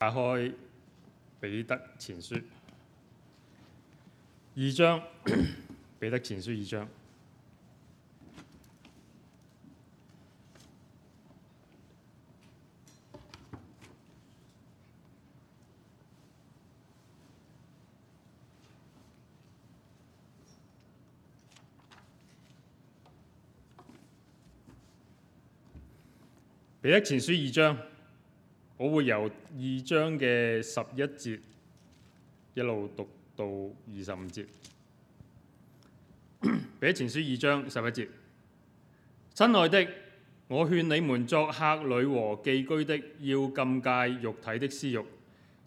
打開《彼得前書》二章，《彼得前書》二章，《彼得前書》二章。我會由二章嘅十一節一路讀到二十五節。彼 前書二章十一節，親愛的，我勸你們作客旅和寄居的，要禁戒肉體的私慾。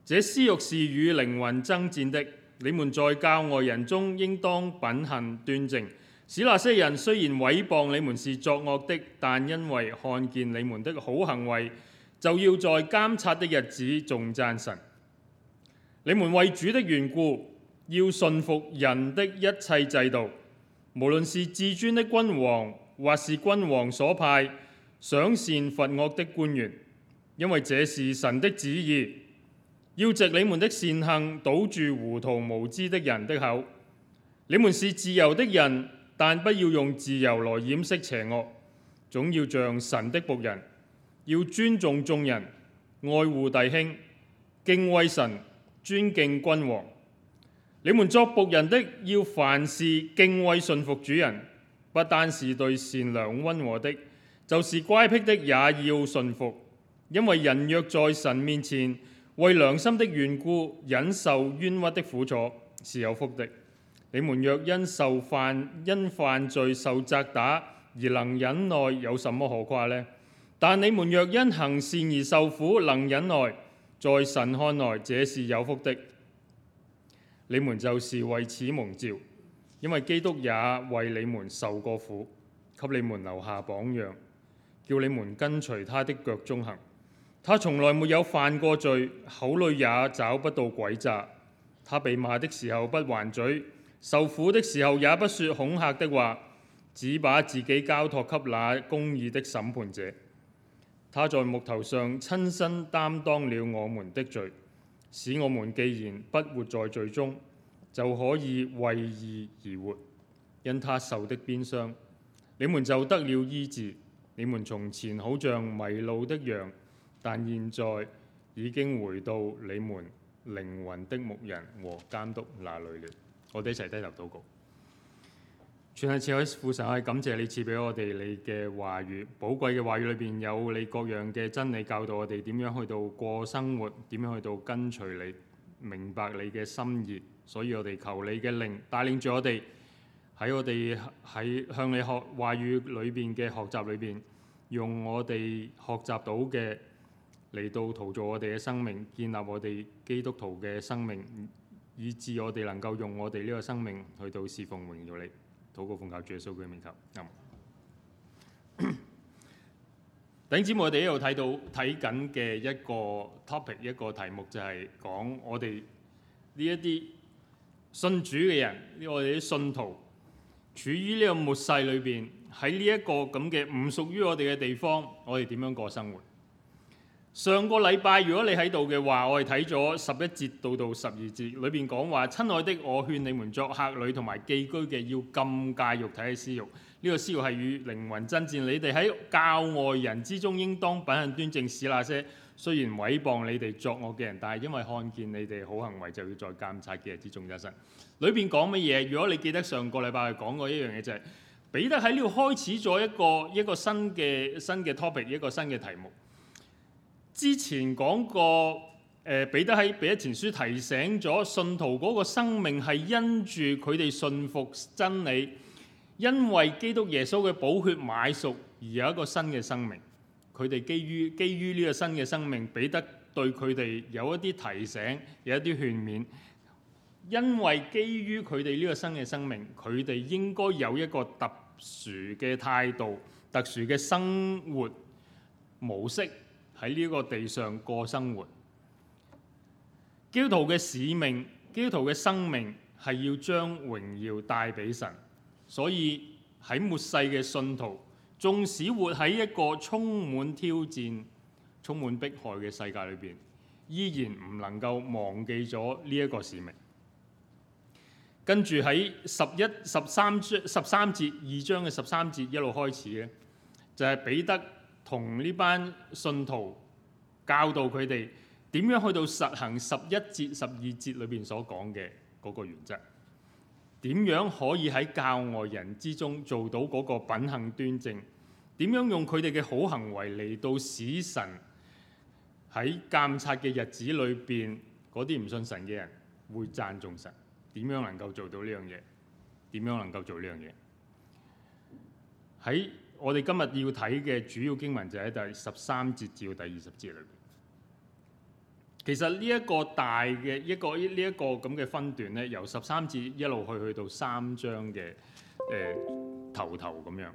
這私慾是與靈魂爭戰的。你們在教外人中，應當品行端正，使那些人雖然毀謗你們是作惡的，但因為看見你們的好行為。就要在監察的日子，頌讚神。你們為主的緣故，要順服人的一切制度，無論是至尊的君王，或是君王所派賞善罰惡的官員，因為這是神的旨意。要藉你們的善行，堵住糊塗無知的人的口。你們是自由的人，但不要用自由來掩飾邪惡，總要像神的僕人。要尊重眾人，愛護弟兄，敬畏神，尊敬君王。你們作僕人的，要凡事敬畏順服主人，不單是對善良温和的，就是乖僻的也要順服，因為人若在神面前為良心的緣故忍受冤屈的苦楚，是有福的。你們若因受犯因犯罪受責打而能忍耐，有什麼可誇呢？但你們若因行善而受苦，能忍耐，在神看來這是有福的。你們就是為此蒙召，因為基督也為你們受過苦，給你們留下榜樣，叫你們跟隨他的腳蹤行。他從來沒有犯過罪，口裏也找不到詭詐。他被罵的時候不還嘴，受苦的時候也不說恐嚇的話，只把自己交託給那公義的審判者。他在木頭上親身擔當了我們的罪，使我們既然不活在罪中，就可以為義而活。因他受的鞭傷，你們就得了醫治。你們從前好像迷路的羊，但現在已經回到你們靈魂的牧人和監督那裡了。我哋一齊低頭禱告。全係慈愛父神，係感謝你賜俾我哋你嘅話語，寶貴嘅話語裏邊有你各樣嘅真理，教導我哋點樣去到過生活，點樣去到跟隨你，明白你嘅心意。所以我哋求你嘅靈帶領住我哋，喺我哋喺向你學話語裏邊嘅學習裏邊，用我哋學習到嘅嚟到陶造我哋嘅生命，建立我哋基督徒嘅生命，以致我哋能夠用我哋呢個生命去到侍奉榮耀你。禱告奉救主嘅數據名頭。咁、嗯，頂子， 我哋一度睇到睇緊嘅一個 topic，一個題目就係、是、講我哋呢一啲信主嘅人，我哋啲信徒處於呢個末世裏邊，喺呢一個咁嘅唔屬於我哋嘅地方，我哋點樣過生活？上個禮拜，如果你喺度嘅話，我係睇咗十一節到到十二節，裏邊講話：親愛的，我勸你們作客旅同埋寄居嘅，要禁戒肉體嘅私欲。呢、這個私欲係與靈魂爭戰。你哋喺教外人之中，應當品行端正，使那些雖然毀謗你哋作惡嘅人，但係因為看見你哋好行為，就要再監察嘅之中一生。裏邊講乜嘢？如果你記得上個禮拜講過一樣嘢、就是，就係彼得喺呢度開始咗一個一個新嘅新嘅 topic，一個新嘅題目。之前講過，誒彼得喺彼得前書提醒咗信徒嗰個生命係因住佢哋信服真理，因為基督耶穌嘅寶血買贖而有一個新嘅生命。佢哋基於基於呢個新嘅生命，彼得對佢哋有一啲提醒，有一啲勸勉。因為基於佢哋呢個新嘅生命，佢哋應該有一個特殊嘅態度、特殊嘅生活模式。喺呢個地上過生活，基督徒嘅使命、基督徒嘅生命係要將榮耀帶俾神，所以喺末世嘅信徒，縱使活喺一個充滿挑戰、充滿迫害嘅世界裏邊，依然唔能夠忘記咗呢一個使命。跟住喺十一十三章十三節二章嘅十三節一路開始嘅，就係、是、彼得。同呢班信徒教導佢哋點樣去到實行十一節十二節裏邊所講嘅嗰個原則，點樣可以喺教外人之中做到嗰個品行端正？點樣用佢哋嘅好行為嚟到使神喺監察嘅日子裏邊嗰啲唔信神嘅人會讚頌神？點樣能夠做到呢樣嘢？點樣能夠做呢樣嘢？喺我哋今日要睇嘅主要經文就喺第十三節至到第二十節裏邊。其實呢一個大嘅一個呢一個咁嘅分段咧，由十三節一路去去到三章嘅誒頭頭咁樣。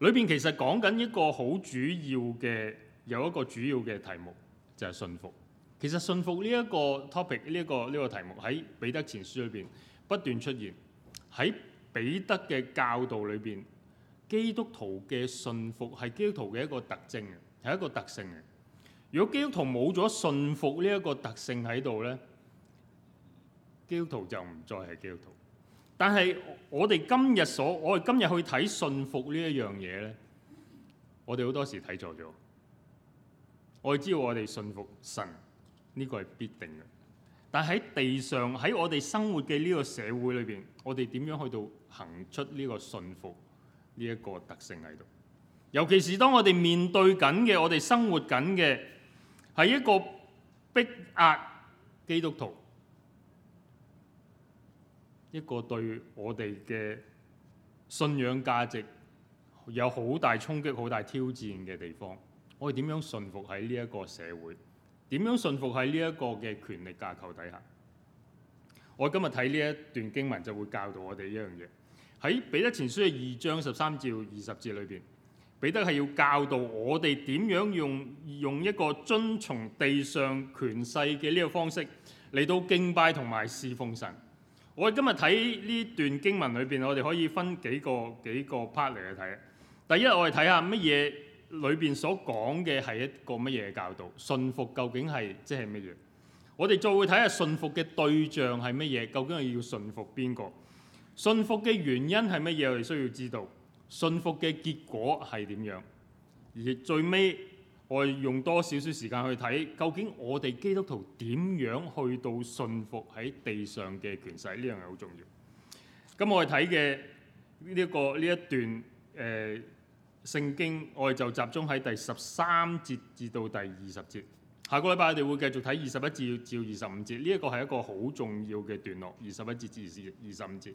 裏邊其實講緊一個好主要嘅，有一個主要嘅題目，就係信服。其實信服呢一個 topic 呢一個呢個題目喺彼得前書裏邊不斷出現，喺彼得嘅教導裏邊。基督徒嘅信服係基督徒嘅一個特徵嘅，係一個特性嘅。如果基督徒冇咗信服呢一個特性喺度咧，基督徒就唔再係基督徒。但係我哋今日所我哋今日去睇信服呢一樣嘢咧，我哋好多時睇錯咗。我哋知道我哋信服神呢個係必定嘅，但喺地上喺我哋生活嘅呢個社會裏邊，我哋點樣去到行出呢個信服？呢一個特性喺度，尤其是當我哋面對緊嘅，我哋生活緊嘅係一個逼壓基督徒，一個對我哋嘅信仰價值有好大衝擊、好大挑戰嘅地方。我哋點樣順服喺呢一個社會？點樣順服喺呢一個嘅權力架構底下？我今日睇呢一段經文就會教導我哋一樣嘢。喺彼得前書嘅二章十三至二十節裏邊，彼得係要教導我哋點樣用用一個遵從地上權勢嘅呢個方式嚟到敬拜同埋侍奉神。我哋今日睇呢段經文裏邊，我哋可以分幾個幾個 part 嚟去睇。第一，我哋睇下乜嘢裏邊所講嘅係一個乜嘢教導，順服究竟係即係乜嘢？我哋再會睇下順服嘅對象係乜嘢，究竟係要順服邊個？信服嘅原因係乜嘢？我哋需要知道信服嘅結果係點樣，而最尾我哋用多少少時間去睇，究竟我哋基督徒點樣去到信服喺地上嘅權勢？呢樣嘢好重要。咁我哋睇嘅呢一個呢一段誒聖、呃、經，我哋就集中喺第十三節至到第二十節。下個禮拜我哋會繼續睇二十一節至二十五節，呢一個係一個好重要嘅段落，二十一節至二十五節。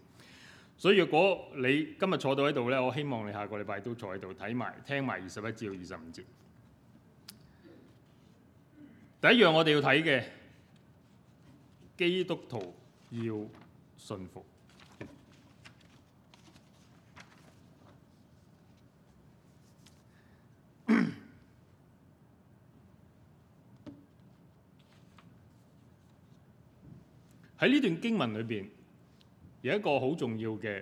所以如果你今日坐到喺度咧，我希望你下個禮拜都坐喺度睇埋、聽埋二十一至到二十五節。第一樣我哋要睇嘅，基督徒要信服。喺呢段經文裏邊，有一個好重要嘅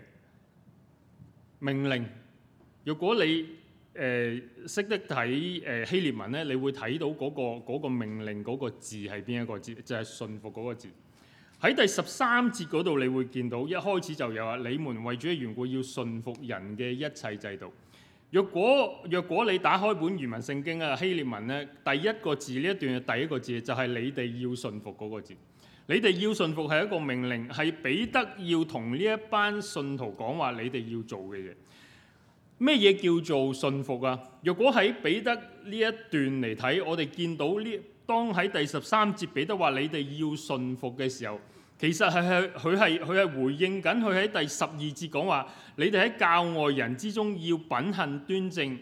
命令。如果你誒識、呃、得睇誒希臘文咧，你會睇到嗰、那個那個命令嗰、那個字係邊一個字？就係、是、順服嗰個字。喺第十三節嗰度，你會見到一開始就有話：你們為主嘅緣故要順服人嘅一切制度。若果若果你打開本原文聖經嘅希臘文咧，第一個字呢一段嘅第一個字就係、是、你哋要順服嗰個字。你哋要順服係一個命令，係彼得要同呢一班信徒講話，你哋要做嘅嘢。咩嘢叫做順服啊？如果喺彼得呢一段嚟睇，我哋見到呢，當喺第十三節彼得話你哋要順服嘅時候，其實係係佢係佢係回應緊，佢喺第十二節講話，你哋喺教外人之中要品行端正，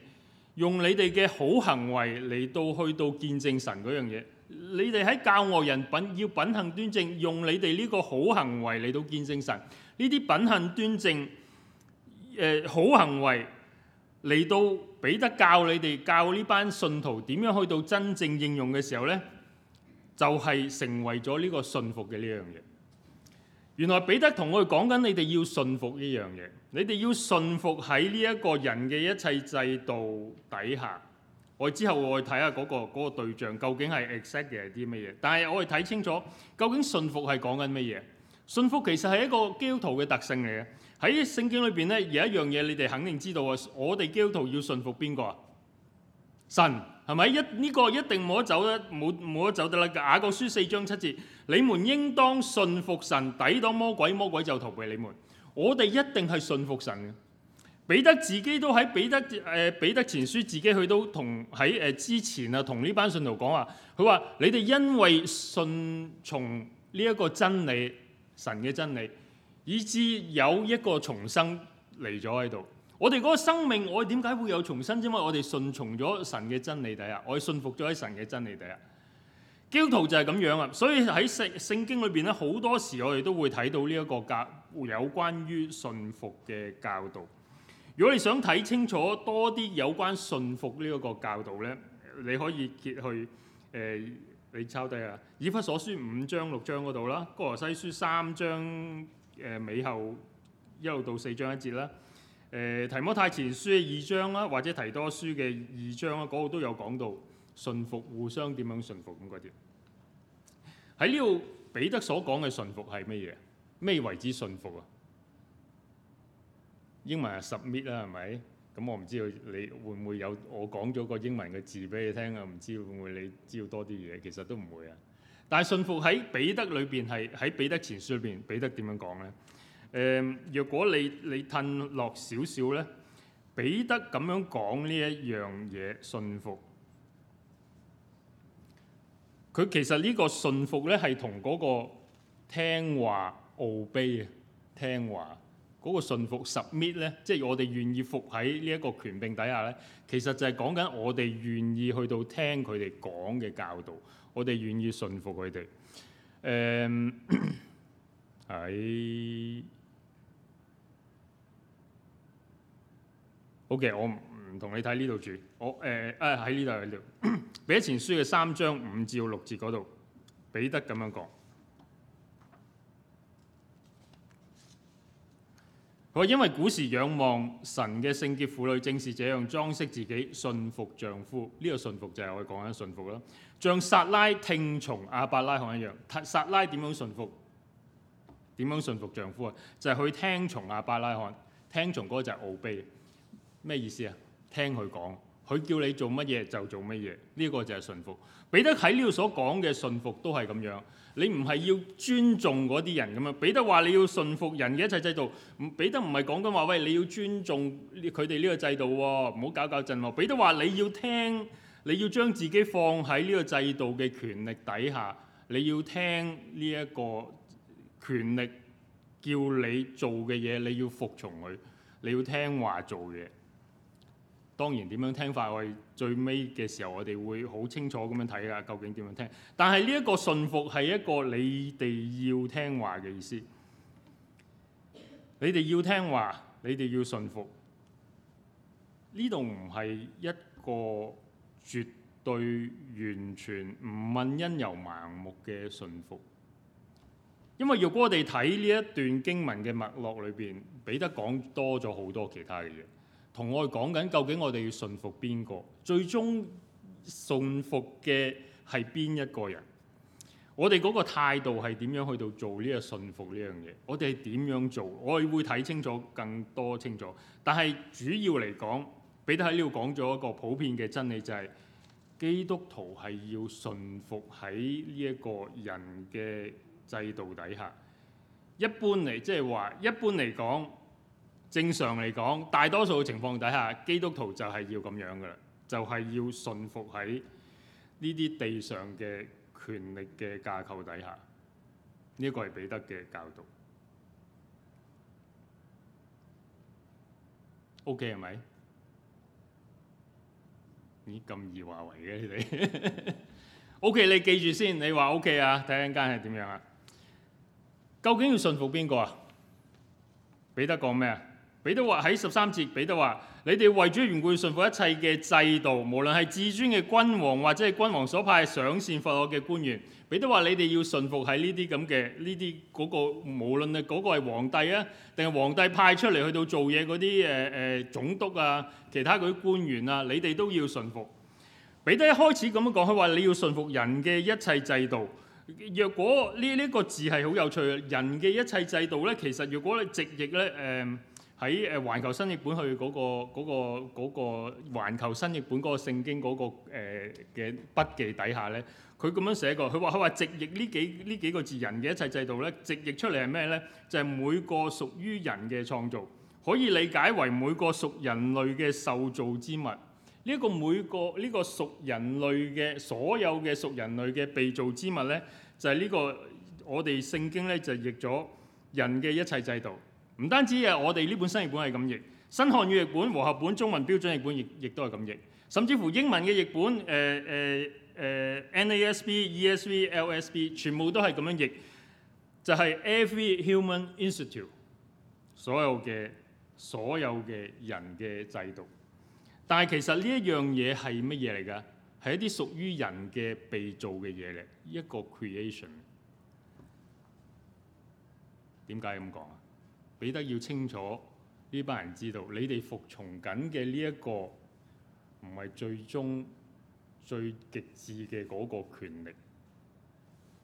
用你哋嘅好行為嚟到去到見證神嗰樣嘢。你哋喺教外人品，要品行端正，用你哋呢個好行為嚟到見證神。呢啲品行端正，誒、呃、好行為嚟到彼得教你哋教呢班信徒點樣去到真正應用嘅時候咧，就係、是、成為咗呢個信服嘅呢樣嘢。原來彼得同我哋講緊，你哋要信服呢樣嘢，你哋要信服喺呢一個人嘅一切制度底下。我之後我去睇下嗰個嗰個對象究竟係 exactly 係啲乜嘢？但係我哋睇清楚究竟信服係講緊乜嘢？信服其實係一個基督徒嘅特性嚟嘅。喺聖經裏邊咧，有一樣嘢你哋肯定知道啊！我哋基督徒要信服邊個啊？神係咪？一呢個一定冇得走得，冇冇得走得啦。雅各書四章七節：你們應當信服神，抵擋魔鬼，魔鬼就逃避你們。我哋一定係信服神嘅。彼得自己都喺彼得誒彼得前書自己去到同喺誒之前啊，同呢班信徒講話，佢話：你哋因為信從呢一個真理，神嘅真理，以至有一個重生嚟咗喺度。我哋嗰個生命，我點解會有重生？因為我哋信從咗神嘅真理底下，第一，我哋信服咗喺神嘅真理底下，第一。基督徒就係咁樣啊！所以喺聖聖經裏邊咧，好多時我哋都會睇到呢一個教有關於信服嘅教導。如果你想睇清楚多啲有關順服呢一個教導呢，你可以揭去誒、呃、你抄低啊，以弗所書五章六章嗰度啦，哥羅西書三章誒、呃、尾後一路到四章一節啦，誒、呃、提摩太前書二章啦，或者提多書嘅二章啦，嗰度都有講到順服互相點樣順服咁嗰啲。喺呢度彼得所講嘅順服係乜嘢？咩為之順服啊？英文係 submit 啦，係咪？咁我唔知道你會唔會有我講咗個英文嘅字俾你聽啊？唔知會唔會你知道多啲嘢？其實都唔會啊。但係信服喺彼得裏邊係喺彼得前書裏邊，彼得點樣講咧？誒，若果你你褪落少少咧，彼得咁樣講呢一樣嘢信服，佢其實呢個信服咧係同嗰個聽話、obey 啊，聽話。嗰、那個信服 submit 咧，即係我哋願意伏喺呢一個權柄底下咧，其實就係講緊我哋願意去到聽佢哋講嘅教導，我哋願意信服佢哋。誒、嗯，喺好嘅， okay，我唔同你睇呢度住，我誒啊喺呢度喺度。彼、呃、得 前書嘅三章五至六節嗰度，彼得咁樣講。我因為古時仰望神嘅聖潔婦女，正是這樣裝飾自己，信服丈夫。呢、這個信服就係我講緊信服，像撒拉聽從亞伯拉罕一樣。撒拉點樣信服？點樣信服丈夫就係、是、去聽從亞伯拉罕，聽從嗰就係奧秘。咩意思啊？聽佢講。佢叫你做乜嘢就做乜嘢，呢個就係順服。彼得喺呢度所講嘅順服都係咁樣，你唔係要尊重嗰啲人咁樣。彼得話你要順服人嘅一切制度，唔，彼得唔係講緊話，喂，你要尊重佢哋呢個制度，唔好搞搞震喎。彼得話你要聽，你要將自己放喺呢個制度嘅權力底下，你要聽呢一個權力叫你做嘅嘢，你要服從佢，你要聽話做嘢。當然點樣聽法，我哋最尾嘅時候我哋會好清楚咁樣睇㗎，究竟點樣聽？但係呢一個信服係一個你哋要聽話嘅意思，你哋要聽話，你哋要信服。呢度唔係一個絕對完全唔問因由盲目嘅信服，因為若果我哋睇呢一段經文嘅脈絡裏邊，彼得講多咗好多其他嘅嘢。同我哋講緊，究竟我哋要順服邊個？最終順服嘅係邊一個人？我哋嗰個態度係點樣去到做呢個順服呢樣嘢？我哋係點樣做？我哋會睇清楚，更多清楚。但係主要嚟講，彼得喺呢度講咗一個普遍嘅真理，就是，就係基督徒係要順服喺呢一個人嘅制度底下。一般嚟，即係話一般嚟講。正常嚟講，大多數嘅情況底下，基督徒就係要咁樣噶啦，就係要信服喺呢啲地上嘅權力嘅架構底下。呢一個係彼得嘅教導。O K 係咪？咦，咁易話為嘅你哋？O K，你記住先。你話 O K 啊？睇下陣間係點樣啊？究竟要信服邊個啊？彼得講咩啊？彼得話喺十三節，彼得話你哋為主緣故，順服一切嘅制度，無論係至尊嘅君王或者係君王所派賞善罰惡嘅官員，彼得話你哋要順服喺呢啲咁嘅呢啲嗰個，無論係嗰個係皇帝啊，定係皇帝派出嚟去到做嘢嗰啲誒誒總督啊，其他嗰啲官員啊，你哋都要順服。彼得一開始咁樣講，佢話你要順服人嘅一切制度。若果呢呢、呢個字係好有趣嘅，人嘅一切制度咧，其實如果你直譯咧，誒、嗯。喺誒環球新譯本去嗰、那個嗰、那個、那個那個、環球新譯本嗰個聖經嗰、那個嘅筆、呃、記底下咧，佢咁樣寫過，佢話佢話直譯呢幾呢幾個字人嘅一切制度咧，直譯出嚟係咩咧？就係、是、每個屬於人嘅創造，可以理解為每個屬人類嘅受造之物。呢、這、一個每個呢、這個屬人類嘅所有嘅屬人類嘅被造之物咧，就係、是這個、呢個我哋聖經咧就譯咗人嘅一切制度。唔單止啊，我哋呢本新譯本係咁譯，新漢語譯本和合本中文標準譯本亦亦都係咁譯，甚至乎英文嘅譯本，誒誒誒 NASB、ESV LSB，全部都係咁樣譯，就係、是、Every Human Institute，所有嘅所有嘅人嘅制度。但係其實呢一樣嘢係乜嘢嚟㗎？係一啲屬於人嘅被造嘅嘢嚟，一個 creation。點解咁講啊。彼得要清楚呢班人知道，你哋服從緊嘅呢一個唔係最終最極致嘅嗰個權力。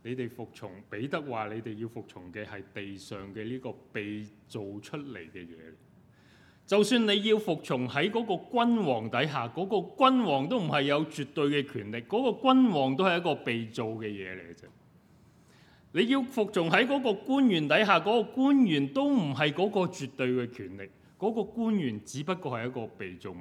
你哋服從，彼得話，你哋要服從嘅係地上嘅呢個被做出嚟嘅嘢。就算你要服從喺嗰個君王底下，嗰個君王都唔係有絕對嘅權力，嗰個君王都係一個被做嘅嘢嚟嘅啫。你要服從喺嗰個官員底下，嗰、嗰個官員都唔係嗰個絕對嘅權力，嗰、嗰個官員只不過係一個被造物。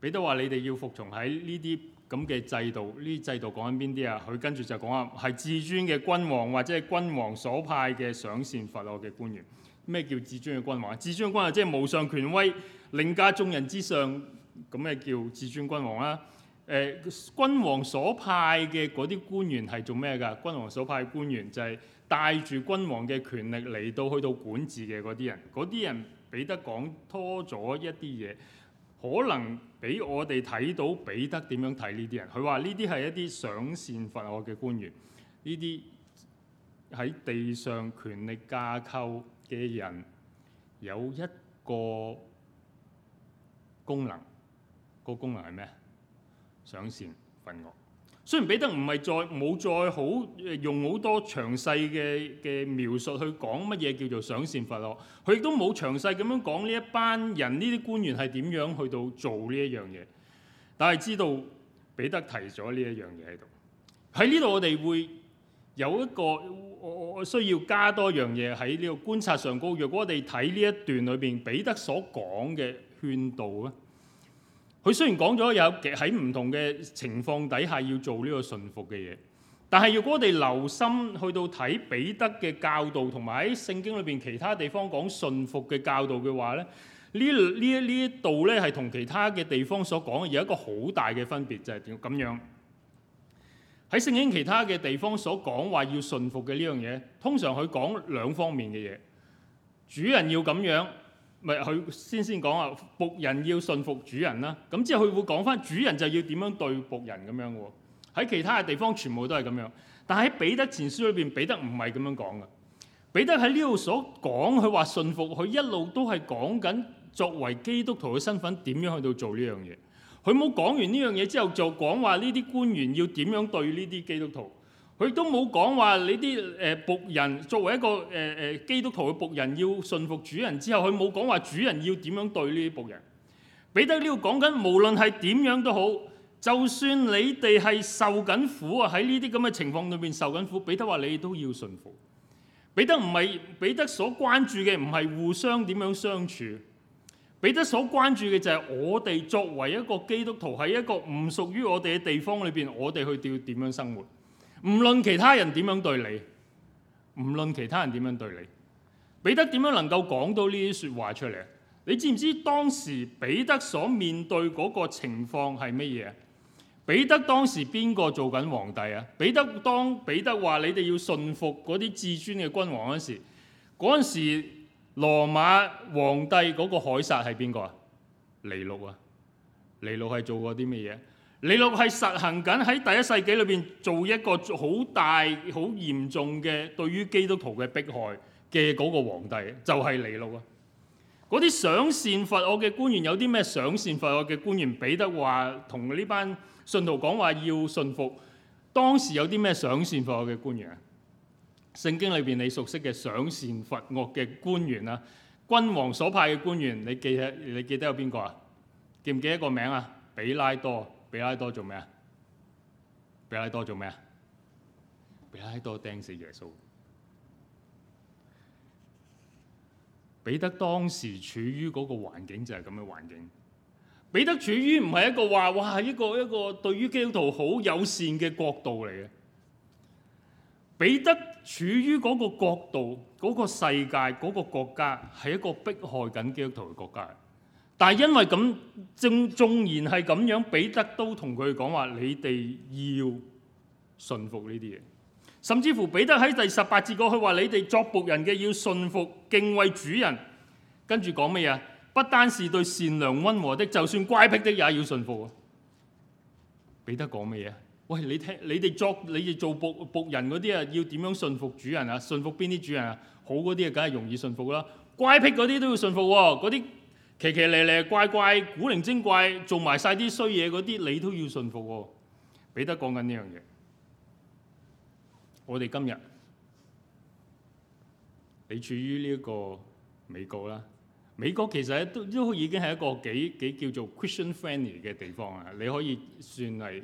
彼得話：你哋要服從喺呢啲咁嘅制度，呢啲制度講緊邊啲啊？佢跟住就講啊，係至尊嘅君王或者係君王所派嘅上線發落嘅官員。咩叫至尊嘅君王？至尊嘅君王即係無上權威，凌駕眾人之上，咁咩叫至尊君王啊？誒君王所派嘅嗰啲官員係做咩㗎？君王所派,官員,王所派官員就係帶住君王嘅權力嚟到去到管治嘅嗰啲人，嗰啲人彼得講拖咗一啲嘢，可能俾我哋睇到彼得點樣睇呢啲人。佢話呢啲係一啲賞善罰惡嘅官員，呢啲喺地上權力架構嘅人有一個功能，個功能係咩？賞善罰惡，雖然彼得唔係再冇再好用好多詳細嘅嘅描述去講乜嘢叫做賞善罰惡，佢亦都冇詳細咁樣講呢一班人呢啲官員係點樣去到做呢一樣嘢，但係知道彼得提咗呢一樣嘢喺度。喺呢度我哋會有一個我我需要加多樣嘢喺呢個觀察上高。若果我哋睇呢一段裏邊彼得所講嘅勸導咧。佢雖然講咗有嘅喺唔同嘅情況底下要做呢個順服嘅嘢，但係如果我哋留心去到睇彼得嘅教導，同埋喺聖經裏邊其他地方講順服嘅教導嘅話咧，呢呢呢一度咧係同其他嘅地方所講嘅有一個好大嘅分別，就係點咁樣？喺聖經其他嘅地方所講話要順服嘅呢樣嘢，通常佢講兩方面嘅嘢，主人要咁樣。咪佢先先講啊，僕人要信服主人啦。咁之後佢會講翻主人就要點樣對僕人咁樣喎。喺其他嘅地方全部都係咁樣，但係喺彼得前書裏邊，彼得唔係咁樣講嘅。彼得喺呢度所講，佢話信服，佢一路都係講緊作為基督徒嘅身份點樣去到做呢樣嘢。佢冇講完呢樣嘢之後，就講話呢啲官員要點樣對呢啲基督徒。佢都冇講話你啲誒僕人作為一個誒誒、呃、基督徒嘅僕人要順服主人之後，佢冇講話主人要點樣對呢啲僕人。彼得呢度講緊無論係點樣都好，就算你哋係受緊苦啊，喺呢啲咁嘅情況裏邊受緊苦，彼得話你都要順服。彼得唔係，彼得所關注嘅，唔係互相點樣相處。彼得所關注嘅就係我哋作為一個基督徒喺一個唔屬於我哋嘅地方裏邊，我哋去要點樣生活。唔論其他人點樣對你，唔論其他人點樣對你，彼得點樣能夠講到呢啲說話出嚟？你知唔知當時彼得所面對嗰個情況係乜嘢？彼得當時邊個做緊皇帝啊？彼得當彼得話你哋要順服嗰啲至尊嘅君王嗰陣時，嗰陣時羅馬皇帝嗰個凱撒係邊個啊？尼祿啊？尼祿係做過啲乜嘢？尼祿係實行緊喺第一世紀裏邊做一個好大、好嚴重嘅對於基督徒嘅迫害嘅嗰個皇帝，就係尼祿啊！嗰啲賞善罰惡嘅官員有啲咩？賞善罰惡嘅官員，彼得話同呢班信徒講話要信服，當時有啲咩賞善罰惡嘅官員啊？聖經裏邊你熟悉嘅賞善罰惡嘅官員啊，君王所派嘅官員，你記啊？你記得有邊個啊？記唔記得個名啊？彼拉多。比拉多做咩啊？比拉多做咩啊？比拉多釘死耶穌。彼得當時處於嗰個環境，就係咁嘅環境。彼得處於唔係一個話哇一個一個對於基督徒好友善嘅國度嚟嘅。彼得處於嗰個國度嗰個世界嗰個國家係一個迫害緊基督徒嘅國家。但係因為咁，正縱然係咁樣，彼得都同佢講話：你哋要順服呢啲嘢，甚至乎彼得喺第十八節過去話：你哋作僕人嘅要順服敬畏主人。跟住講咩啊？不單是對善良溫和的，就算乖僻的也要順服。彼得講咩嘢？喂，你聽，你哋作你哋做僕僕人嗰啲啊，要點樣順服主人啊？順服邊啲主人啊？好嗰啲啊，梗係容易順服啦。乖僻嗰啲都要順服喎，嗰啲。奇奇咧咧怪怪，古靈精怪，做埋晒啲衰嘢嗰啲，你都要信服喎、哦。彼得講緊呢樣嘢，我哋今日你處於呢一個美國啦，美國其實都都已經係一個幾幾叫做 Christian-friendly 嘅地方啊，你可以算係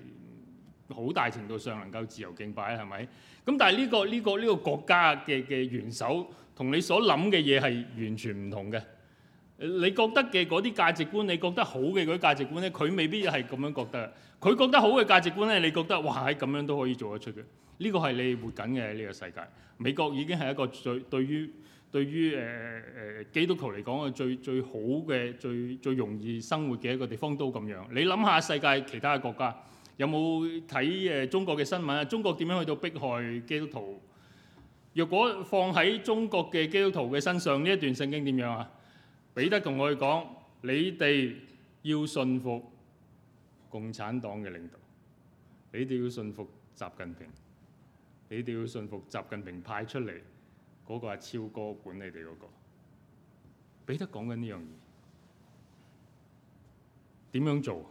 好大程度上能夠自由敬拜，係咪？咁但係呢個呢個呢個國家嘅嘅元首同你所諗嘅嘢係完全唔同嘅。你覺得嘅嗰啲價值觀，你覺得好嘅嗰啲價值觀咧，佢未必係咁樣覺得的。佢覺得好嘅價值觀咧，你覺得哇，咁樣都可以做得出嘅。呢個係你活緊嘅呢個世界。美國已經係一個最對於對於誒誒基督徒嚟講嘅最最好嘅最最容易生活嘅一個地方都咁樣。你諗下世界其他國家有冇睇誒中國嘅新聞啊？中國點樣去到迫害基督徒？若果放喺中國嘅基督徒嘅身上，呢一段聖經點樣啊？彼得同我哋講，你哋要信服共產黨嘅領導，你哋要信服習近平，你哋要信服習近平派出嚟嗰個係超哥管你哋嗰個。彼得講緊呢樣嘢，點樣做？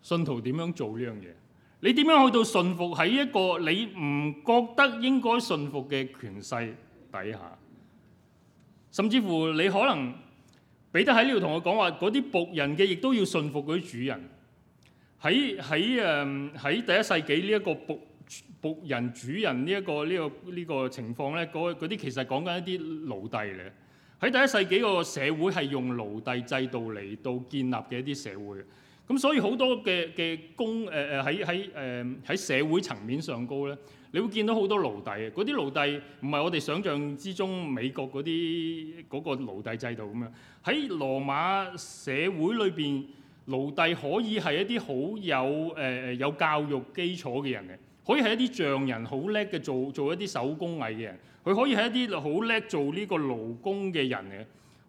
信徒點樣做呢樣嘢？你點樣去到信服喺一個你唔覺得應該信服嘅權勢底下？甚至乎你可能。彼得喺呢度同我講話，嗰啲僕人嘅亦都要信服嗰啲主人。喺喺誒喺第一世紀呢一個僕僕人主人呢一個呢個呢個情況咧，嗰啲其實講緊一啲奴隸嚟嘅。喺第一世紀個社會係用奴隸制度嚟到建立嘅一啲社會，咁所以好多嘅嘅工誒誒喺喺誒喺社會層面上高咧，你會見到好多奴隸嘅，嗰啲奴隸唔係我哋想像之中美國嗰啲嗰個奴隸制度咁樣。喺羅馬社會裏邊，奴隸可以係一啲好有誒誒、呃、有教育基礎嘅人嘅，可以係一啲匠人好叻嘅做做一啲手工藝嘅人，佢可以係一啲好叻做呢個勞工嘅人嘅，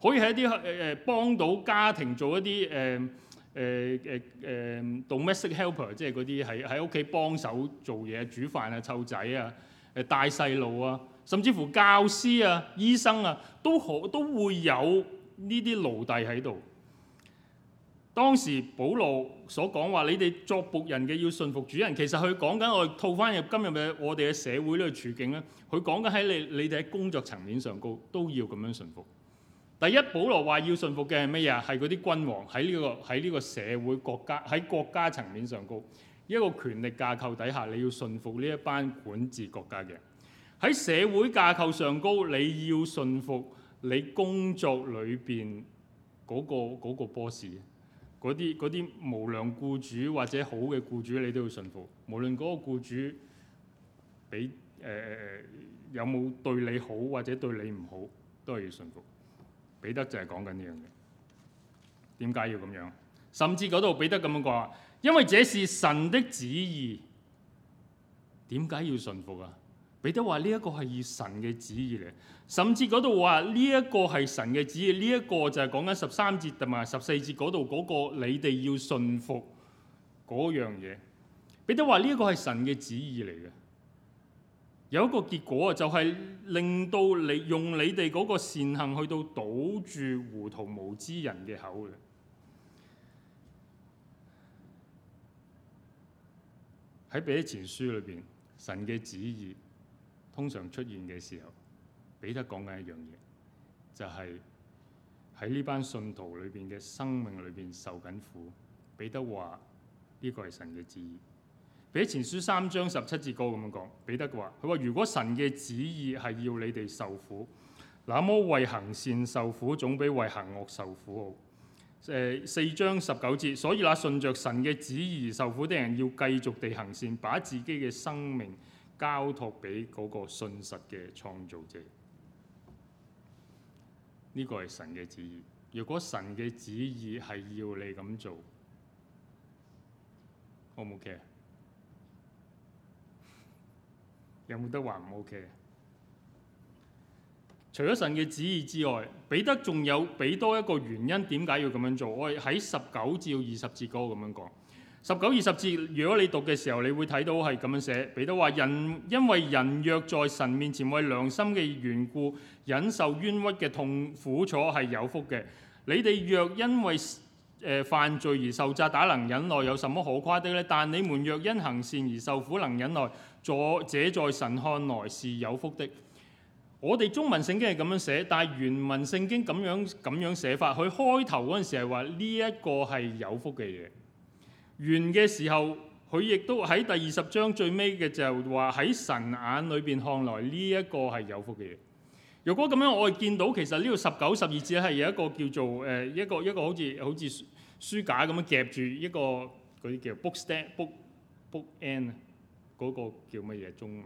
可以係一啲誒、呃、幫到家庭做一啲誒誒誒誒 domestic helper 即係嗰啲喺喺屋企幫手做嘢、煮飯啊、湊仔啊、誒帶細路啊，甚至乎教師啊、醫生啊都可都會有。呢啲奴隸喺度。當時保羅所講話，你哋作僕人嘅要順服主人，其實佢講緊我套翻入今日嘅我哋嘅社會呢個處境咧，佢講緊喺你你哋喺工作層面上高都要咁樣順服。第一，保羅話要順服嘅係咩嘢？係嗰啲君王喺呢個喺呢個社會國家喺國家層面上高，一個權力架構底下你要順服呢一班管治國家嘅，喺社會架構上高，你要順服。你工作裏邊嗰個嗰個 boss，嗰啲嗰啲無良雇主或者好嘅雇主，你都要順服。無論嗰個雇主俾誒、呃、有冇對你好或者對你唔好，都係要順服。彼得就係講緊呢樣嘢。點解要咁樣？甚至嗰度彼得咁樣講，因為這是神的旨意。點解要順服啊？彼得話呢一個係以神嘅旨意嚟，甚至嗰度話呢一個係神嘅旨意，呢、這、一個就係講緊十三節同埋十四節嗰度嗰個你哋要信服嗰樣嘢。彼得話呢一個係神嘅旨意嚟嘅，有一個結果啊，就係、是、令到你用你哋嗰個善行去到堵住糊塗無知人嘅口嘅。喺彼得前書裏邊，神嘅旨意。通常出現嘅時候，彼得講緊一樣嘢，就係喺呢班信徒裏邊嘅生命裏邊受緊苦。彼得話：呢個係神嘅旨意。彼得前書三章十七節高咁樣講，彼得話：佢話如果神嘅旨意係要你哋受苦，那麼為行善受苦總比為行惡受苦好。誒、呃、四章十九節，所以嗱，順着神嘅旨意受苦嘅人要繼續地行善，把自己嘅生命，交託俾嗰個信實嘅創造者，呢、這個係神嘅旨意。如果神嘅旨意係要你咁做，O 唔 OK？有冇得話唔 OK？除咗神嘅旨意之外，彼得仲有俾多一個原因，點解要咁樣做？我喺十九至二十節高咁樣講。十九二十節，如果你讀嘅時候，你會睇到係咁樣寫。彼得話：人因為人若在神面前為良心嘅緣故，忍受冤屈嘅痛苦楚係有福嘅。你哋若因為、呃、犯罪而受責打，能忍耐有什麼可誇的呢？但你們若因行善而受苦，能忍耐，這者在神看來是有福的。我哋中文聖經係咁樣寫，但係原文聖經咁樣咁樣寫法。佢開頭嗰陣時係話呢一個係有福嘅嘢。完嘅時候，佢亦都喺第二十章最尾嘅就話喺神眼裏邊看來呢一個係有福嘅嘢。如果咁樣，我哋見到其實呢個十九、十二節係有一個叫做誒、呃、一個一個好似好似書，書架咁樣夾住一個嗰啲叫 book step book book end 嗰個叫乜嘢中文？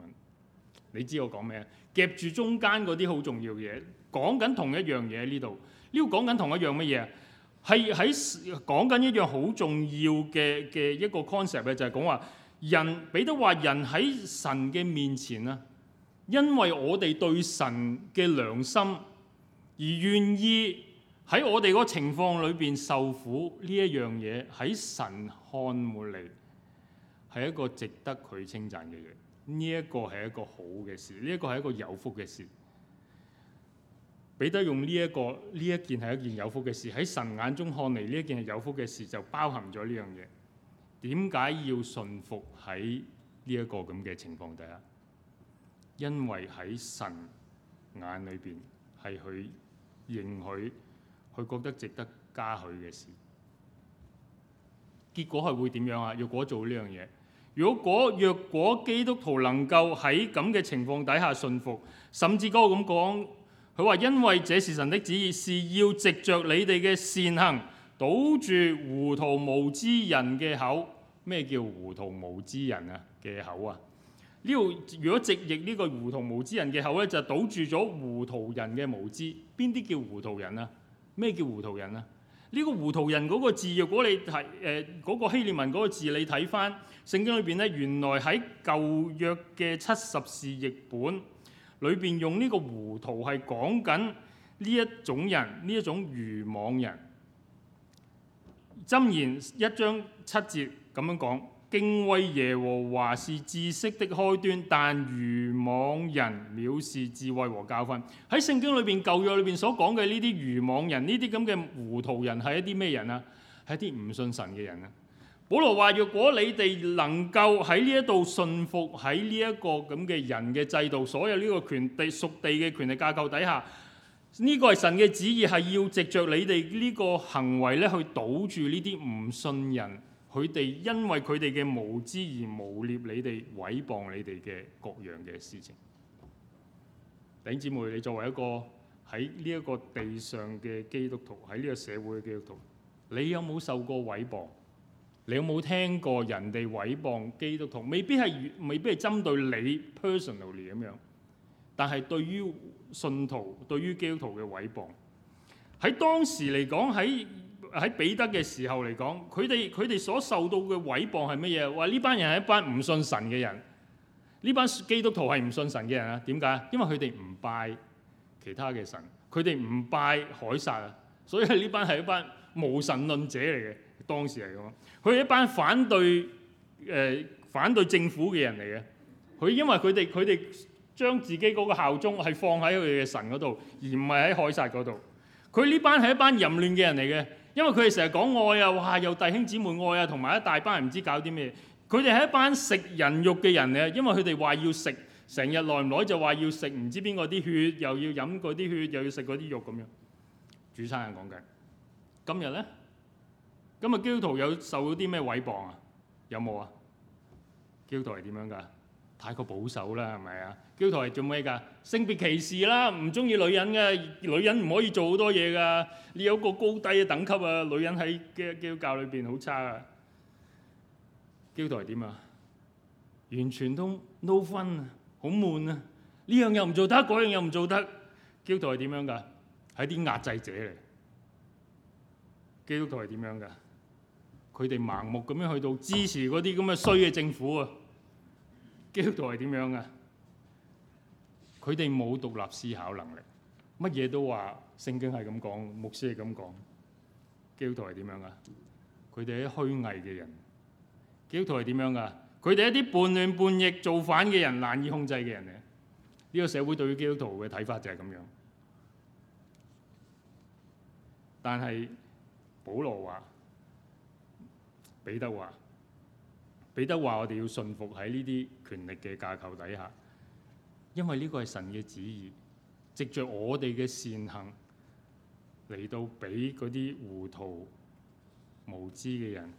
你知我講咩？夾住中間嗰啲好重要嘢，講緊同一樣嘢喺呢度。呢個講緊同一樣乜嘢？係喺講緊一樣好重要嘅嘅一個 concept 嘅，就係講話人彼得話人喺神嘅面前啊，因為我哋對神嘅良心而願意喺我哋個情況裏邊受苦呢一樣嘢，喺神看嚟係一個值得佢稱讚嘅嘢。呢一個係一個好嘅事，呢一個係一個有福嘅事。彼得用呢、這、一個呢一件係一件有福嘅事，喺神眼中看嚟呢一件係有福嘅事，就包含咗呢樣嘢。點解要順服喺呢一個咁嘅情況底下？因為喺神眼裏邊係佢認許，佢覺得值得嘉許嘅事。結果係會點樣啊？若果做呢樣嘢，若果若果基督徒能夠喺咁嘅情況底下順服，甚至嗰咁講。佢話：因為這是神的旨意，是要藉着你哋嘅善行，堵住糊塗無知人嘅口。咩叫糊塗無知人啊？嘅口啊！呢度如果直譯呢個糊塗無知人嘅口咧，就堵住咗糊塗人嘅無知。邊啲叫糊塗人啊？咩叫糊塗人啊？呢個糊塗人嗰個字，如果你睇誒嗰個希臘文嗰個字，你睇翻聖經裏邊咧，原來喺舊約嘅七十士譯本。裏邊用呢個糊塗係講緊呢一種人，呢一種愚妄人。箴言一章七節咁樣講：敬畏耶和華是知識的開端，但愚妄人藐視智慧和教訓。喺聖經裏邊、舊約裏邊所講嘅呢啲愚妄人、呢啲咁嘅糊塗人係一啲咩人啊？係一啲唔信神嘅人啊！保羅話：若果你哋能夠喺呢一度信服喺呢一個咁嘅人嘅制度，所有呢個權地屬地嘅權力架構底下，呢、這個係神嘅旨意，係要藉着你哋呢個行為咧，去堵住呢啲唔信任佢哋因為佢哋嘅無知而誣衊你哋、毀謗你哋嘅各樣嘅事情。頂姊妹，你作為一個喺呢一個地上嘅基督徒，喺呢個社會嘅基督徒，你有冇受過毀謗？你有冇聽過人哋毀謗基督徒？未必係，未必係針對你 personally 咁樣，但係對於信徒、對於基督徒嘅毀謗，喺當時嚟講，喺喺彼得嘅時候嚟講，佢哋佢哋所受到嘅毀謗係乜嘢？話呢班人係一班唔信神嘅人，呢班基督徒係唔信神嘅人啊？點解？因為佢哋唔拜其他嘅神，佢哋唔拜凱撒啊，所以呢班係一班。無神論者嚟嘅，當時嚟講，佢係一班反對誒、呃、反對政府嘅人嚟嘅。佢因為佢哋佢哋將自己嗰個效忠係放喺佢哋嘅神嗰度，而唔係喺凱撒嗰度。佢呢班係一班淫亂嘅人嚟嘅，因為佢哋成日講愛啊，話又弟兄姊妹愛啊，同埋一大班人唔知搞啲咩。佢哋係一班食人肉嘅人嚟嘅，因為佢哋話要食，成日耐唔耐就話要食，唔知邊個啲血又要飲嗰啲血，又要食嗰啲肉咁樣。主餐人講緊。今日咧，今日，基督徒有受到啲咩毀謗啊？有冇啊？基督徒係點樣噶？太過保守啦，係咪啊？基督徒係做咩噶？性別歧視啦，唔中意女人嘅，女人唔可以做好多嘢噶。你有個高低嘅等級啊，女人喺嘅基督教裏邊好差啊。基督徒係點啊？完全都 no fun 啊，好悶啊！呢樣又唔做得，嗰樣又唔做得。基督徒係點樣噶？係啲壓制者嚟。基督徒係點樣噶？佢哋盲目咁樣去到支持嗰啲咁嘅衰嘅政府啊！基督徒係點樣噶？佢哋冇獨立思考能力，乜嘢都話聖經係咁講，牧師係咁講。基督徒係點樣噶？佢哋係虛偽嘅人。基督徒係點樣噶？佢哋係一啲半亂半逆、造反嘅人，難以控制嘅人嚟。呢個社會對於基督徒嘅睇法就係咁樣。但係。保羅話，彼得話，彼得話我哋要順服喺呢啲權力嘅架構底下，因為呢個係神嘅旨意，藉着我哋嘅善行，嚟到俾嗰啲糊塗、無知嘅人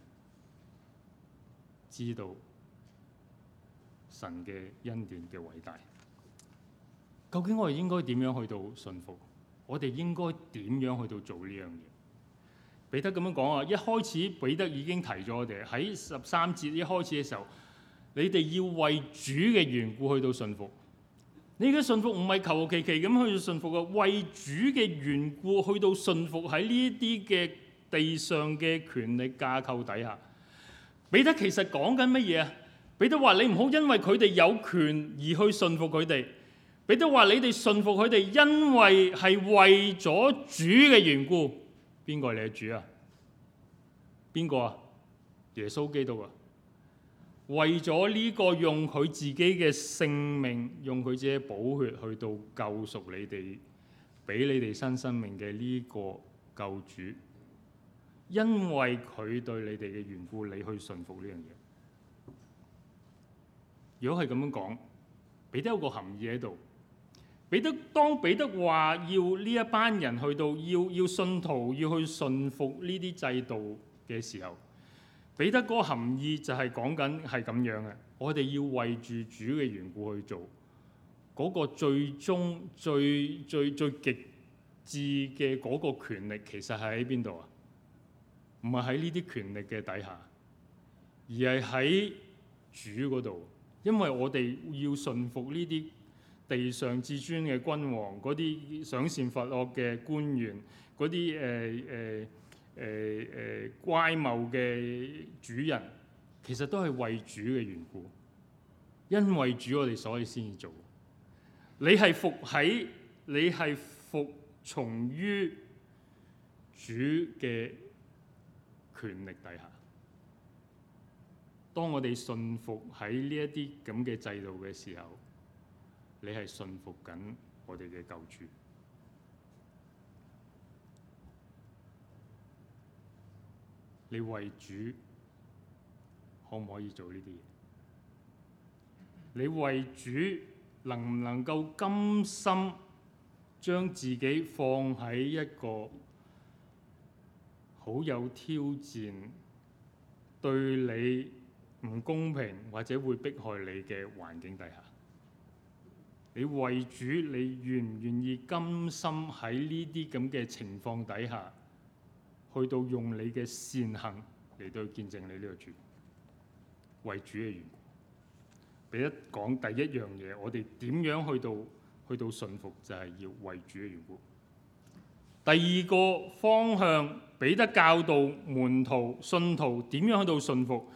知道神嘅恩典嘅偉大。究竟我哋應該點樣去到順服？我哋應該點樣去到做呢樣嘢？彼得咁樣講啊，一開始彼得已經提咗我哋喺十三節一開始嘅時候，你哋要為主嘅緣故去到信服。你嘅信服唔係求其其咁去到信服嘅，為主嘅緣故去到信服喺呢啲嘅地上嘅權力架構底下。彼得其實講緊乜嘢啊？彼得話你唔好因為佢哋有權而去信服佢哋。彼得話你哋信服佢哋，因為係為咗主嘅緣故。邊個係你嘅主啊？邊個啊？耶穌基督啊！為咗呢個用佢自己嘅性命，用佢自己寶血去到救贖你哋，俾你哋新生命嘅呢個救主。因為佢對你哋嘅緣故，你去信服呢樣嘢。如果係咁樣講，俾得有個含義喺度。彼得當彼得話要呢一班人去到要要信徒要去信服呢啲制度嘅時候，彼得嗰個含義就係講緊係咁樣嘅，我哋要為住主嘅緣故去做，嗰個最終最最最極致嘅嗰個權力其實係喺邊度啊？唔係喺呢啲權力嘅底下，而係喺主嗰度，因為我哋要信服呢啲。地上至尊嘅君王，嗰啲賞善罰惡嘅官員，嗰啲誒誒誒誒乖謬嘅主人，其實都係為主嘅緣故，因為主我哋，所以先至做。你係服喺，你係服從於主嘅權力底下。當我哋信服喺呢一啲咁嘅制度嘅時候，你係信服緊我哋嘅救主？你為主可唔可以做呢啲嘢？你為主能唔能夠甘心將自己放喺一個好有挑戰、對你唔公平或者會迫害你嘅環境底下？你為主，你願唔願意甘心喺呢啲咁嘅情況底下，去到用你嘅善行嚟到去見證你呢個主為主嘅緣故。彼得講第一樣嘢，我哋點樣去到去到信服，就係要為主嘅緣故。第二個方向，彼得教導門徒信徒點樣去到信服，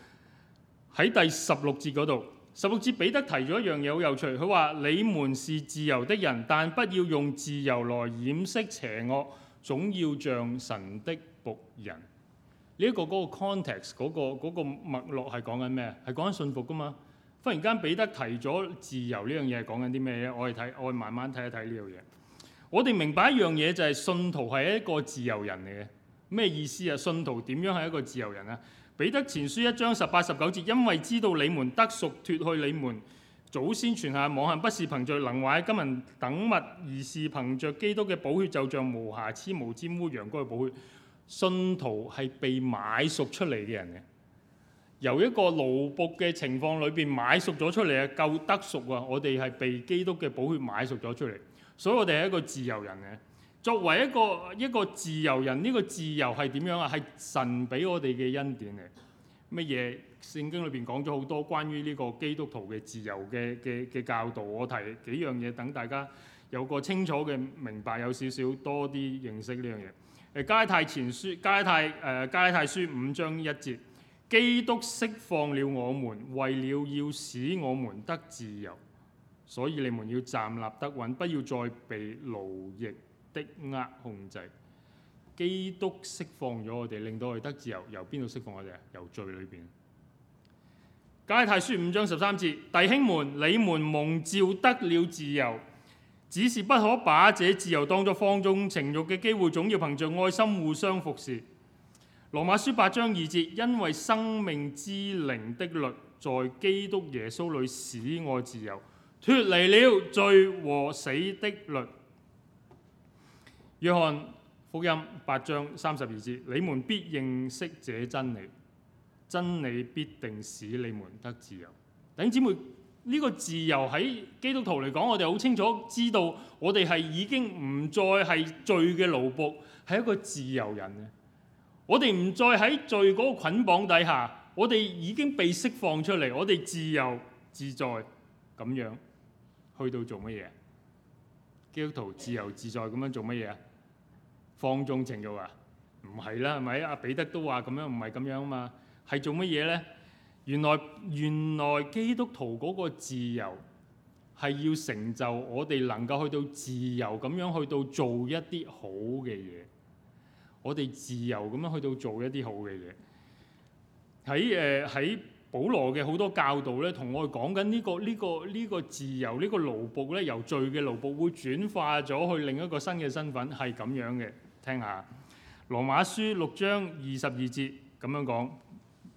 喺第十六節嗰度。十六節彼得提咗一樣嘢好有趣，佢話：你們是自由的人，但不要用自由來掩飾邪惡，總要像神的僕人。呢一個嗰個 context 嗰個嗰個脈絡係講緊咩啊？係講緊信服噶嘛？忽然間彼得提咗自由呢樣嘢係講緊啲咩咧？我哋睇，我慢慢睇一睇呢樣嘢。我哋明白一樣嘢就係信徒係一個自由人嚟嘅。咩意思啊？信徒點樣係一個自由人啊？彼得前書一章十八十九節，因為知道你們得贖，脫去你們祖先傳下妄行，不是憑著能壞嘅金銀等物，而是憑着基督嘅寶血，就像無瑕疵無玷污羊羔嘅寶血。信徒係被買贖出嚟嘅人嘅，由一個奴僕嘅情況裏邊買贖咗出嚟嘅，夠得贖啊！我哋係被基督嘅寶血買贖咗出嚟，所以我哋係一個自由人嘅。作為一個一個自由人，呢、這個自由係點樣啊？係神俾我哋嘅恩典嚟。乜嘢聖經裏邊講咗好多關於呢個基督徒嘅自由嘅嘅嘅教導。我提幾樣嘢，等大家有個清楚嘅明白，有少少多啲認識呢樣嘢。誒，加拉太前書，加拉太誒、呃，加拉太書五章一節，基督釋放了我們，為了要使我們得自由，所以你們要站立得穩，不要再被奴役。的壓控制，基督釋放咗我哋，令到我哋得自由。由邊度釋放我哋啊？由罪裏邊。加拉太書五章十三節：弟兄們，你們蒙召得了自由，只是不可把這自由當作放縱情欲嘅機會，總要憑着愛心互相服侍。」羅馬書八章二節：因為生命之靈的律在基督耶穌裏使我自由，脫離了罪和死的律。約翰福音八章三十二節：你們必認識這真理，真理必定使你們得自由。弟兄姊妹，呢個自由喺基督徒嚟講，我哋好清楚知道，我哋係已經唔再係罪嘅奴僕，係一個自由人嘅。我哋唔再喺罪嗰個捆綁底下，我哋已經被釋放出嚟，我哋自由自在咁樣去到做乜嘢？基督徒自由自在咁樣做乜嘢？放縱情慾啊，唔係啦，係咪啊？彼得都話咁樣唔係咁樣啊嘛，係做乜嘢咧？原來原來基督徒嗰個自由係要成就我哋能夠去到自由咁樣去到做一啲好嘅嘢，我哋自由咁樣去到做一啲好嘅嘢。喺誒喺保羅嘅好多教導咧，同我哋講緊呢個呢、呢個呢、呢個自由、呢個、呢個奴僕咧，由罪嘅奴僕會轉化咗去另一個新嘅身份，係咁樣嘅。聽下《羅馬書》六章二十二節咁樣講，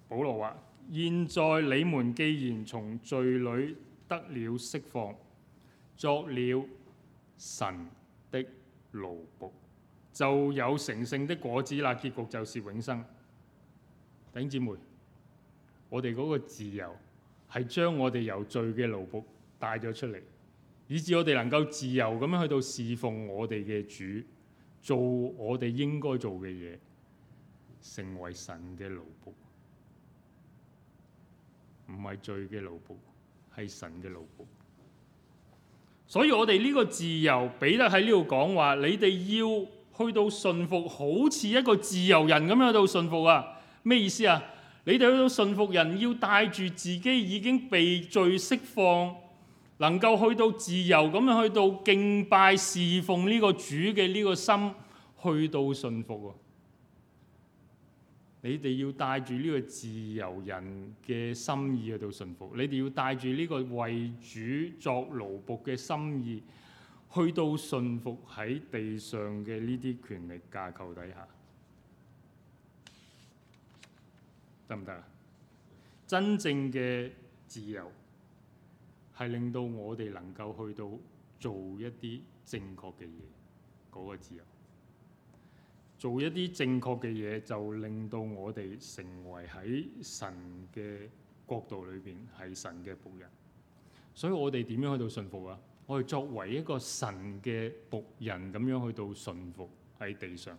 保羅話：現在你們既然從罪裏得了釋放，作了神的奴僕，就有成聖的果子啦。結局就是永生。頂姊妹，我哋嗰個自由係將我哋由罪嘅奴僕帶咗出嚟，以致我哋能夠自由咁樣去到侍奉我哋嘅主。做我哋應該做嘅嘢，成為神嘅奴僕，唔係罪嘅奴僕，係神嘅奴僕。所以我哋呢個自由，彼得喺呢度講話，你哋要去到信服，好似一個自由人咁樣度信服啊？咩意思啊？你哋去到信服人，要帶住自己已經被罪釋放。能夠去到自由咁樣去到敬拜侍奉呢個主嘅呢個心，去到信服喎。你哋要帶住呢個自由人嘅心意去到信服，你哋要帶住呢個為主作奴僕嘅心意，去到信服喺地上嘅呢啲權力架構底下，得唔得啊？真正嘅自由。係令到我哋能夠去到做一啲正確嘅嘢，嗰個自由。做一啲正確嘅嘢就令到我哋成為喺神嘅角度裏邊係神嘅僕人。所以我哋點樣去到信服啊？我哋作為一個神嘅僕人咁樣去到信服喺地上，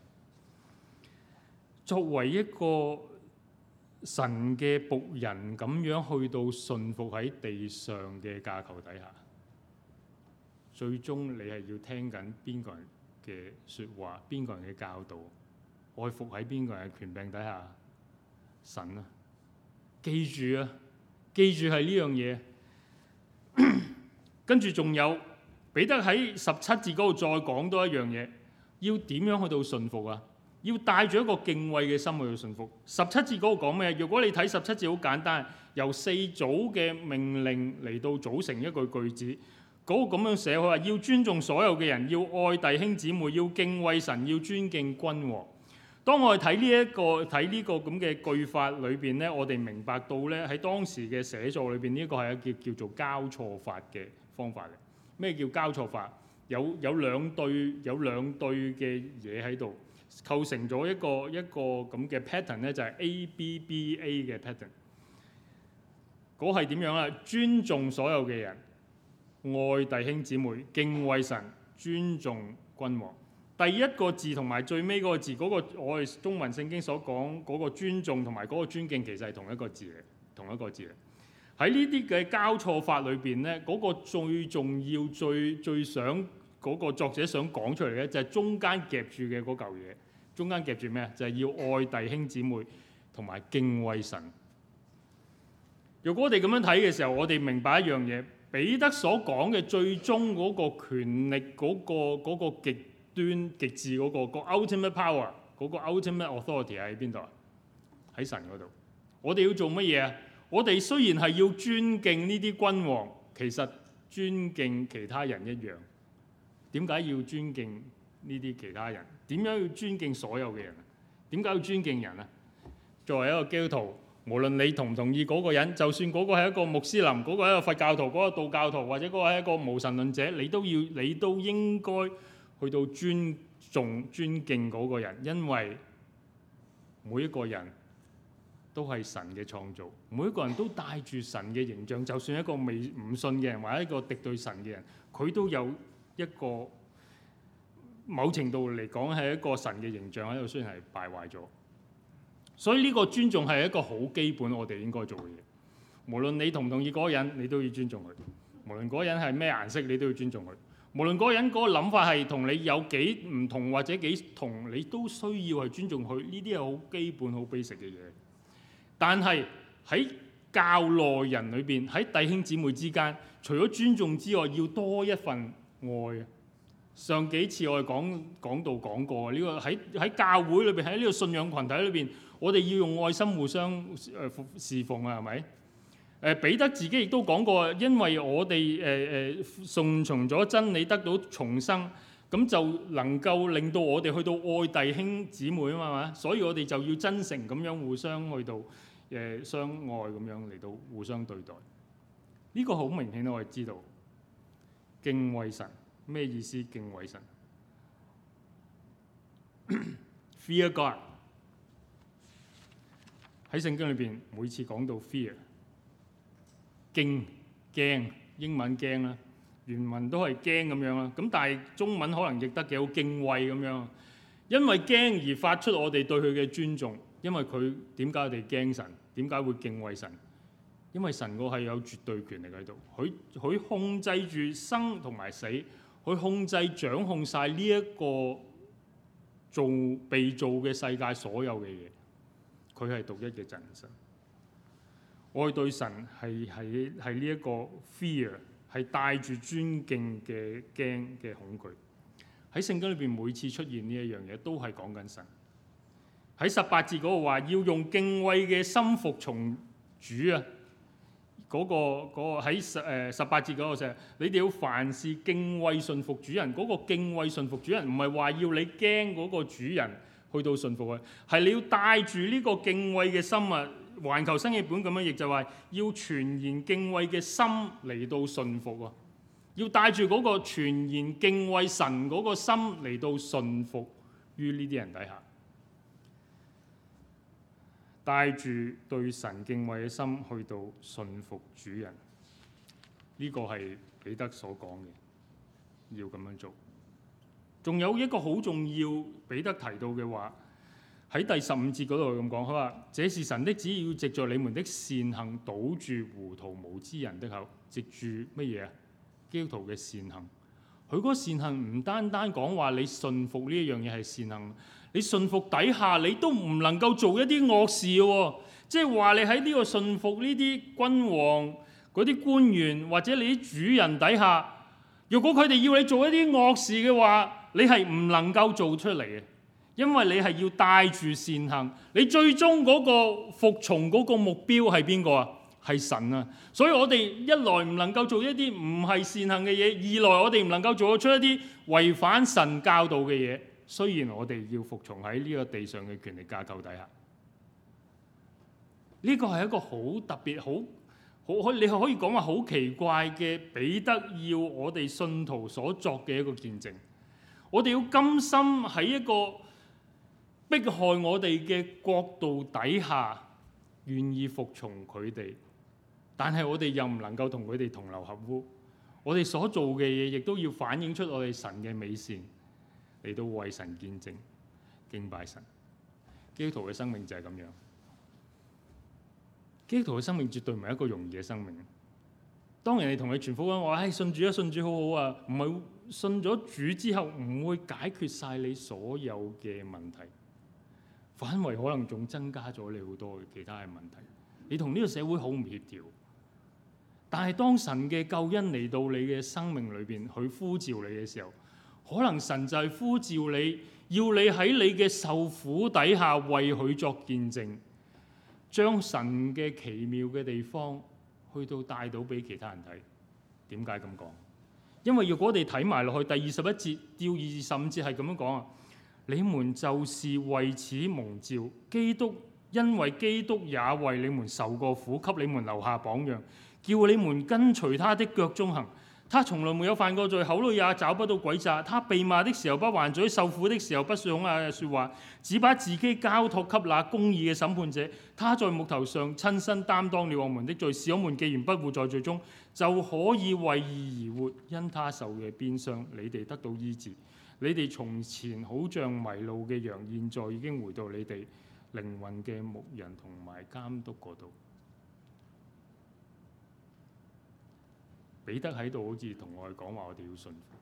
作為一個。神嘅僕人咁樣去到順服喺地上嘅架構底下，最終你係要聽緊邊個人嘅說話，邊個人嘅教導，愛服喺邊個人嘅權柄底下，神啊！記住啊，記住係呢樣嘢。跟住仲有彼得喺十七節嗰度再講多一樣嘢，要點樣去到順服啊？要帶住一個敬畏嘅心去信服。十七節嗰個講咩？如果你睇十七節好簡單，由四組嘅命令嚟到組成一句句子，嗰個咁樣寫，佢話要尊重所有嘅人，要愛弟兄姊妹，要敬畏神，要尊敬君王。當我哋睇呢一個睇呢個咁嘅句法裏邊咧，我哋明白到咧，喺當時嘅寫作裏邊，呢一個係一叫叫做交錯法嘅方法嚟。咩叫交錯法？有有兩對有兩對嘅嘢喺度。構成咗一個一個咁嘅 pattern 咧，就係 A B B A 嘅 pattern。嗰係點樣啊？尊重所有嘅人，愛弟兄姊妹，敬畏神，尊重君王。第一個字同埋最尾嗰個字，嗰個我哋中文聖經所講嗰個尊重同埋嗰個尊敬，其實係同一個字嚟，同一個字嚟。喺呢啲嘅交錯法裏邊咧，嗰個最重要、最最想。嗰個作者想講出嚟嘅就係中間夾住嘅嗰嚿嘢。中間夾住咩？就係要愛弟兄姊妹同埋敬畏神。若果我哋咁樣睇嘅時候，我哋明白一樣嘢。彼得所講嘅最終嗰個權力，嗰個嗰個極端極致嗰個 ultimate power，嗰個 ultimate authority 喺邊度啊？喺神嗰度。我哋要做乜嘢啊？我哋雖然係要尊敬呢啲君王，其實尊敬其他人一樣。點解要尊敬呢啲其他人？點樣要尊敬所有嘅人啊？點解要尊敬人啊？作為一個基督徒，無論你同唔同意嗰個人，就算嗰個係一個穆斯林，嗰個係一個佛教徒，嗰個道教徒，或者嗰個係一個無神論者，你都要，你都應該去到尊重、尊敬嗰個人，因為每一個人都係神嘅創造，每一個人都帶住神嘅形象，就算一個未唔信嘅人，或者一個敵對神嘅人，佢都有。一個某程度嚟講係一個神嘅形象喺度，雖然係敗壞咗。所以呢個尊重係一個好基本，我哋應該做嘅嘢。無論你同唔同意嗰個人，你都要尊重佢；無論嗰人係咩顏色，你都要尊重佢；無論嗰人嗰個諗法係同你有幾唔同或者幾同，你都需要係尊重佢。呢啲係好基本、好 basic 嘅嘢。但係喺教內人裏邊，喺弟兄姊妹之間，除咗尊重之外，要多一份。愛啊！上幾次我哋講講到講過，呢個喺喺教會裏邊，喺呢個信仰群體裏邊，我哋要用愛心互相誒侍奉啊，係咪？誒彼得自己亦都講過，因為我哋誒誒順從咗真理，得到重生，咁就能夠令到我哋去到愛弟兄姊妹啊嘛嘛，所以我哋就要真誠咁樣互相去到誒相愛咁樣嚟到互相對待。呢個好明顯我哋知道。敬畏神咩意思？敬畏神，fear God，喺聖經裏邊每次講到 fear，驚、驚，英文驚啦，原文都係驚咁樣啦。咁但係中文可能譯得幾好敬畏，咁樣，因為驚而發出我哋對佢嘅尊重。因為佢點解，我哋驚神？點解會敬畏神？因為神個係有絕對權力喺度，佢佢控制住生同埋死，佢控制掌控晒呢一個做被做嘅世界所有嘅嘢，佢係獨一嘅真神神。我哋對神係係係呢一個 fear，係帶住尊敬嘅驚嘅恐懼。喺聖經裏邊每次出現呢一樣嘢，都係講緊神。喺十八節嗰度話要用敬畏嘅心服從主啊！嗰、那個喺、那個、十誒、呃、十八節嗰個時，你哋要凡事敬畏順服主人。嗰、那個敬畏順服主人，唔係話要你驚嗰個主人去到順服佢，係你要帶住呢個敬畏嘅心啊！環球生意本咁樣，亦就係話要全然敬畏嘅心嚟到順服啊！要帶住嗰個全然敬畏神嗰個心嚟到順服於呢啲人底下。帶住對神敬畏嘅心去到信服主人，呢個係彼得所講嘅，要咁樣做。仲有一個好重要彼得提到嘅話，喺第十五節嗰度咁講，佢話：這是神的旨意，要藉著你們的善行堵住糊塗無知人的口。藉住乜嘢啊？基督徒嘅善行，佢嗰善行唔單單講話你信服呢一樣嘢係善行。你信服底下，你都唔能夠做一啲惡事喎、哦。即係話你喺呢個信服呢啲君王嗰啲官員或者你啲主人底下，如果佢哋要你做一啲惡事嘅話，你係唔能夠做出嚟嘅，因為你係要帶住善行。你最終嗰個服從嗰個目標係邊個啊？係神啊！所以我哋一來唔能夠做一啲唔係善行嘅嘢，二來我哋唔能夠做出一啲違反神教導嘅嘢。雖然我哋要服從喺呢個地上嘅權力架構底下，呢、這個係一個好特別、好好可你可以講話好奇怪嘅。彼得要我哋信徒所作嘅一個見證。我哋要甘心喺一個迫害我哋嘅國度底下願意服從佢哋，但係我哋又唔能夠同佢哋同流合污。我哋所做嘅嘢亦都要反映出我哋神嘅美善。嚟到為神見證，敬拜神，基督徒嘅生命就係咁樣。基督徒嘅生命絕對唔係一個容易嘅生命。當人哋同你傳福音話：唉、哎，信主啊，信主好好啊！唔係信咗主之後唔會解決晒你所有嘅問題，反為可能仲增加咗你好多其他嘅問題。你同呢個社會好唔協調。但係當神嘅救恩嚟到你嘅生命裏邊，去呼召你嘅時候。可能神就係呼召你要你喺你嘅受苦底下為佢作見證，將神嘅奇妙嘅地方去到帶到俾其他人睇。點解咁講？因為如果我哋睇埋落去第二十一節、第二十五節係咁樣講啊，你們就是為此蒙召。基督因為基督也為你們受過苦，給你們留下榜樣，叫你們跟隨他的腳蹤行。他從來沒有犯過罪，口裏也找不到詭詐。他被罵的時候不還嘴，受苦的時候不說恐嚇的説話，只把自己交託給那公義嘅審判者。他在木頭上親身擔當了我們的罪，使我們既然不活在罪中，就可以為義而活。因他受嘅鞭傷，你哋得到醫治。你哋從前好像迷路嘅羊，現在已經回到你哋靈魂嘅牧人同埋監督嗰度。彼得喺度好似同我哋講話，我哋要順服。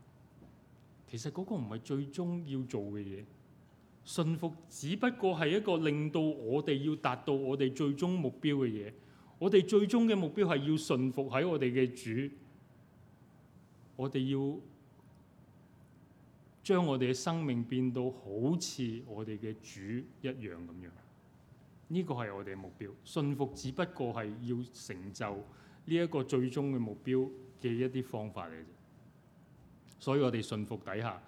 其實嗰個唔係最終要做嘅嘢，順服只不過係一個令到我哋要達到我哋最終目標嘅嘢。我哋最終嘅目標係要順服喺我哋嘅主，我哋要將我哋嘅生命變到好似我哋嘅主一樣咁樣。呢個係我哋嘅目標。順服只不過係要成就呢一個最終嘅目標，嘅一啲方法嚟嘅，所以我哋信服底下，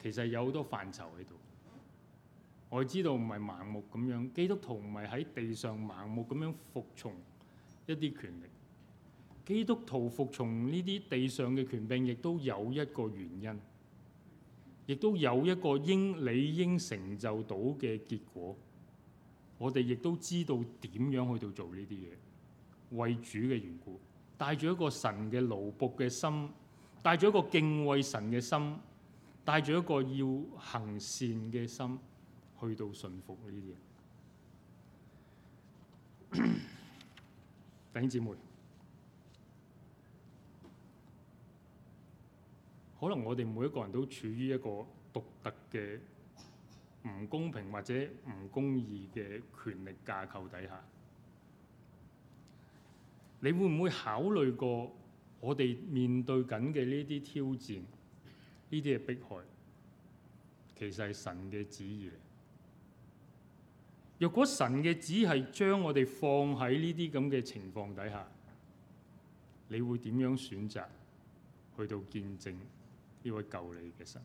其實有好多範疇喺度。我知道唔係盲目咁樣，基督徒唔係喺地上盲目咁樣服從一啲權力。基督徒服從呢啲地上嘅權柄，亦都有一個原因，亦都有一個應理應成就到嘅結果。我哋亦都知道點樣去到做呢啲嘢，為主嘅緣故。帶住一個神嘅勞僕嘅心，帶住一個敬畏神嘅心，帶住一個要行善嘅心，去到順服呢啲嘢。弟兄姊妹，可能我哋每一個人都處於一個獨特嘅唔公平或者唔公義嘅權力架構底下。你會唔會考慮過我哋面對緊嘅呢啲挑戰？呢啲係迫害，其實係神嘅旨意嚟。若果神嘅旨意將我哋放喺呢啲咁嘅情況底下，你會點樣選擇去到見證呢位救你嘅神？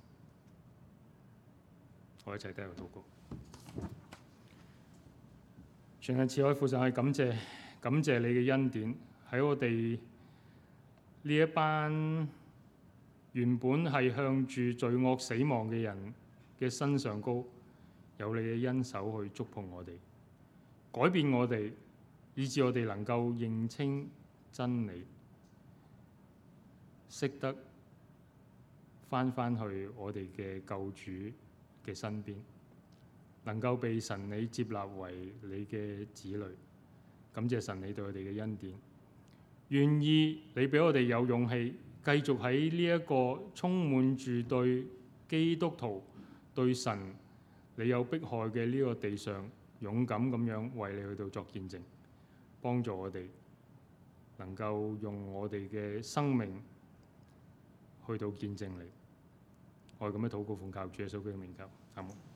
我一齊低頭禱告，全然慈愛父神，係感謝。感謝你嘅恩典，喺我哋呢一班原本係向住罪惡死亡嘅人嘅身上高，有你嘅恩手去觸碰我哋，改變我哋，以致我哋能夠認清真理，識得翻返去我哋嘅救主嘅身邊，能夠被神你接納為你嘅子女。感謝神你對我哋嘅恩典，願意你俾我哋有勇氣繼續喺呢一個充滿住對基督徒、對神你有迫害嘅呢個地上，勇敢咁樣為你去到作見證，幫助我哋能夠用我哋嘅生命去到見證你。我係咁樣禱告，奉靠主嘅聖潔嘅名求教，阿門。